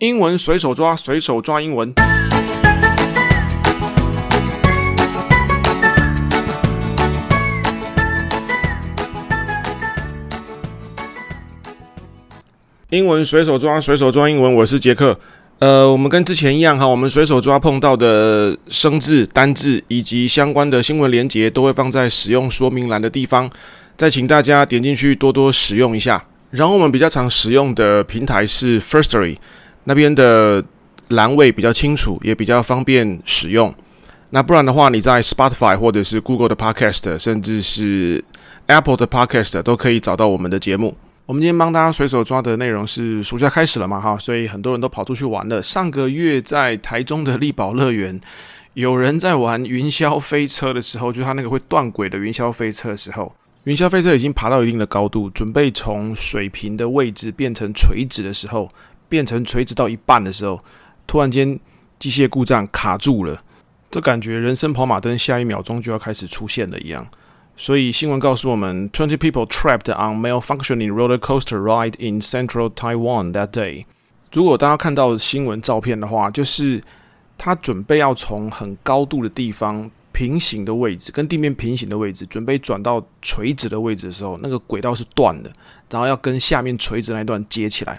英文隨手抓，隨手抓英文。英文隨手抓，隨手抓英文。我是傑克。呃，我們跟之前一樣哈，我們隨手抓碰到的生字、單字以及相關的新聞連結，都會放在使用說明欄的地方。再請大家點進去，多多使用一下。然後我們比較常使用的平台是 Firstory。那邊的欄位比較清楚，也比較方便使用。那不然的話，你在 Spotify 或者是 Google 的 Podcast，甚至是 Apple 的 Podcast 都可以找到我們的節目。我們今天幫大家隨手抓的內容是：暑假開始了嘛？哈，所以很多人都跑出去玩了。上個月在台中的麗寶樂園，有人在玩雲霄飛車的時候，就是他那個會斷軌的雲霄飛車的時候，雲霄飛車已經爬到一定的高度，準備從水平的位置變成垂直的時候。變成垂直到一半的時候，突然間機械故障卡住了，這感覺人生跑馬燈，下一秒鐘就要開始出現了一樣。所以新聞告訴我們，Twenty people trapped on malfunctioning roller coaster ride in central Taiwan that day。如果大家看到新聞照片的話，就是他準備要從很高度的地方，平行的位置，跟地面平行的位置，準備轉到垂直的位置的時候，那個軌道是斷的，然後要跟下面垂直那一段接起來。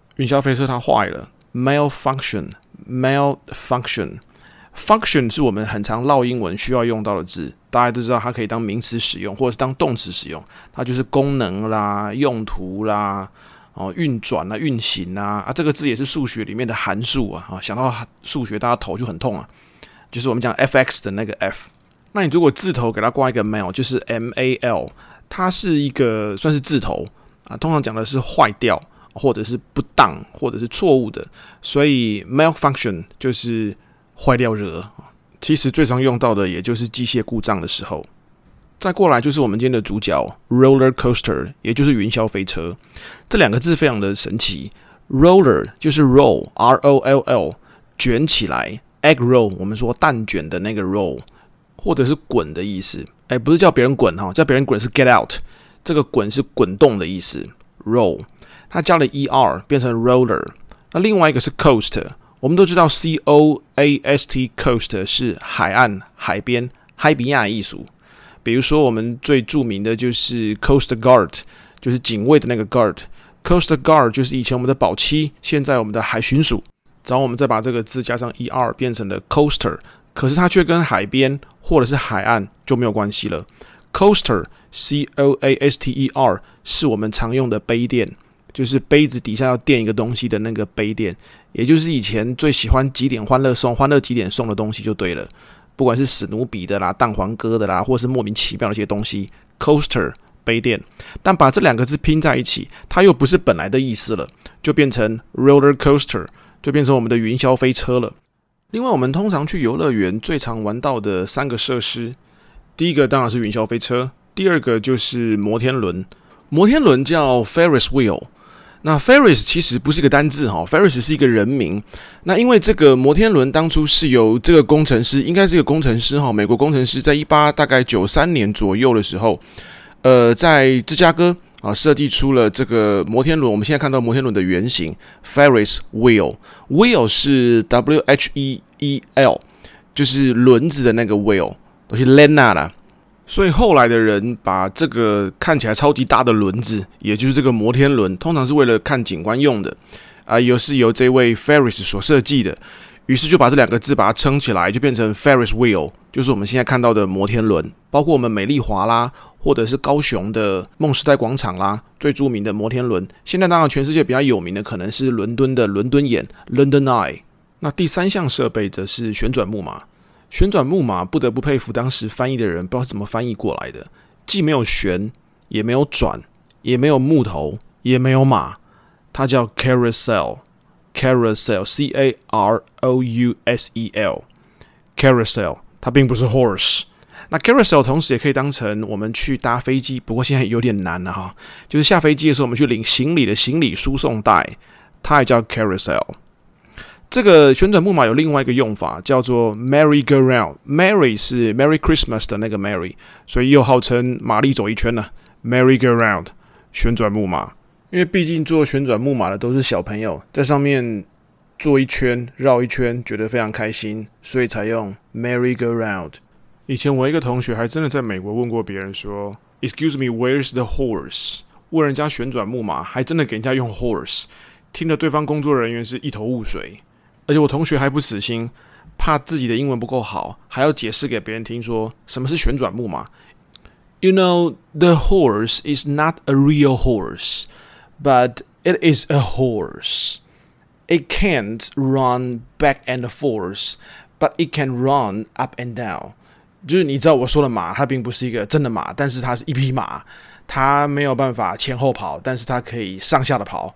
雲霄飛車它壞了，malfunction，malfunction，function 是我們很常烙英文需要用到的字，大家都知道它可以當名詞使用，或者是當動詞使用，它就是功能啦、用途啦、哦運轉啦、運行啦、啊，啊這個字也是數學裡面的函數啊，啊想到數學大家頭就很痛啊，就是我們講 f x 的那個 f，那你如果字頭給它掛一個 mal，就是 m a l，它是一個算是字頭啊，通常講的是壞掉。或者是不當，或者是錯誤的，所以 malfunction 就是壞掉、惹，其實最常用到的也就是機械故障的時候。再過來就是我們今天的主角 roller coaster，也就是雲霄飛車。這兩個字非常的神奇。roller 就是 roll，R O L L，捲起來。egg roll 我們說蛋捲的那個 roll，或者是滾的意思。誒，不是叫別人滾哈，叫別人滾是 get out。這個滾是滾動的意思，roll。它加了 e r 變成 roller。那另外一個是 coast，我們都知道 c o a s t coast 是海岸、海邊、海比亞的意思。比如說，我們最著名的就是 coast guard，就是警衛的那個 guard。coast guard 就是以前我們的保七，現在我們的海巡署。然後我們再把這個字加上 e r 變成了 coaster，可是它卻跟海邊或者是海岸就沒有關係了。coaster c o a s t e r 是我們常用的杯墊。就是杯子底下要墊一個東西的那個杯墊，也就是以前最喜歡幾點歡樂送、歡樂幾點送的東西就對了，不管是史努比的啦、蛋黃哥的啦，或是莫名其妙的一些東西，coaster 杯墊。但把這兩個字拼在一起，它又不是本來的意思了，就變成 roller coaster，就變成我們的雲霄飛車了。另外，我們通常去遊樂園最常玩到的三個設施，第一個當然是雲霄飛車，第二個就是摩天輪，摩天輪叫 Ferris wheel。那 Ferris 其實不是一個單字哈、哦、，Ferris 是一個人名。那因為這個摩天輪當初是由這個工程師，應該是一個工程師哈、哦，美國工程師，在一八大概九三年左右的時候，呃，在芝加哥啊設計出了這個摩天輪。我們現在看到摩天輪的原型 Ferris Wheel，Wheel 是 W H E E L，就是輪子的那個 Wheel，我是 Lenna 啦。所以後來的人把這個看起來超級大的輪子，也就是這個摩天輪，通常是為了看景觀用的，啊，也是由這位 Ferris 所設計的，於是就把這兩個字把它撐起來，就變成 Ferris Wheel，就是我們現在看到的摩天輪，包括我們美麗華啦，或者是高雄的夢時代廣場啦，最著名的摩天輪。現在當然全世界比較有名的可能是倫敦的倫敦眼 （London Eye）。那第三項設備則是旋轉木馬。旋轉木馬，不得不佩服當時翻譯的人，不知道怎麼翻譯過來的，既沒有旋，也沒有轉，也沒有木頭，也沒有馬，它叫 carousel，carousel，c a r o u s e l，carousel，它並不是 horse。那 carousel 同時也可以當成我們去搭飛機，不過現在有點難了哈，就是下飛機的時候我們去領行李的行李輸送帶，它也叫 carousel。這個旋轉木馬有另外一個用法，叫做 Merry Go Round。Merry 是 Merry Christmas 的那個 Merry，所以又號稱瑪麗走一圈了，Merry Go Round，旋轉木馬，因為畢竟坐旋轉木馬的都是小朋友，在上面坐一圈，繞一圈，繞一圈，覺得非常開心，所以才用 Merry Go Round。以前我一個同學還真的在美國問過別人說，Excuse me，where's the horse？問人家旋轉木馬，還真的給人家用 horse，聽得對方工作人員是一頭霧水。而且我同學還不死心，怕自己的英文不夠好，還要解釋給別人聽，說什麼是旋轉木馬。You know, the horse is not a real horse, but it is a horse. It can't run back and forth, but it can run up and down. 就是你知道我說的馬，它並不是一個真的馬，但是它是一匹馬，它沒有辦法前後跑，但是它可以上下的跑，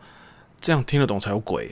這樣聽得懂才有鬼。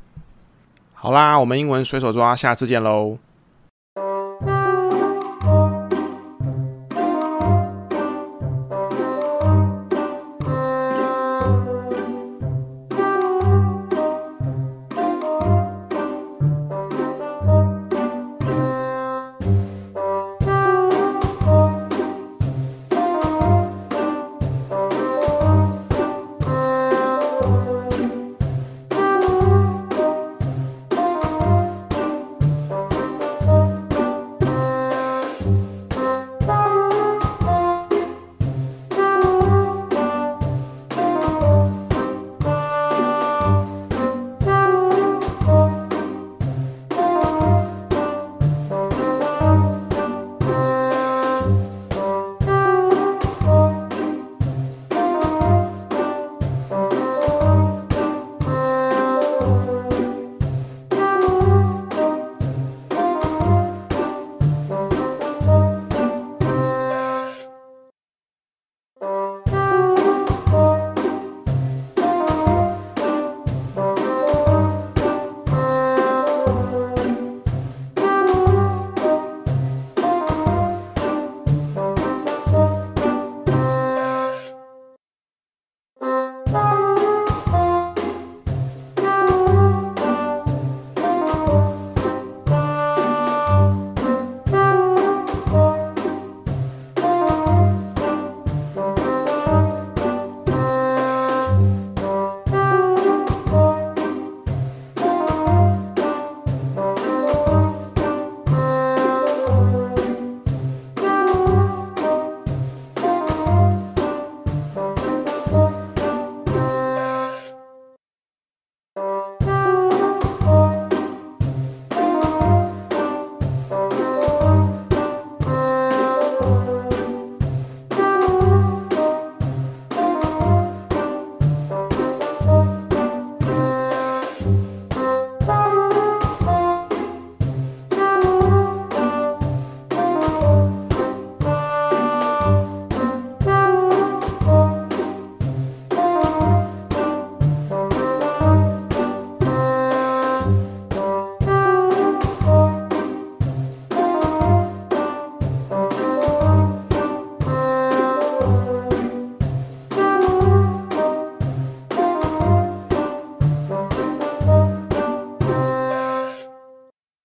好啦，我們英文隨手抓，下次見嘍。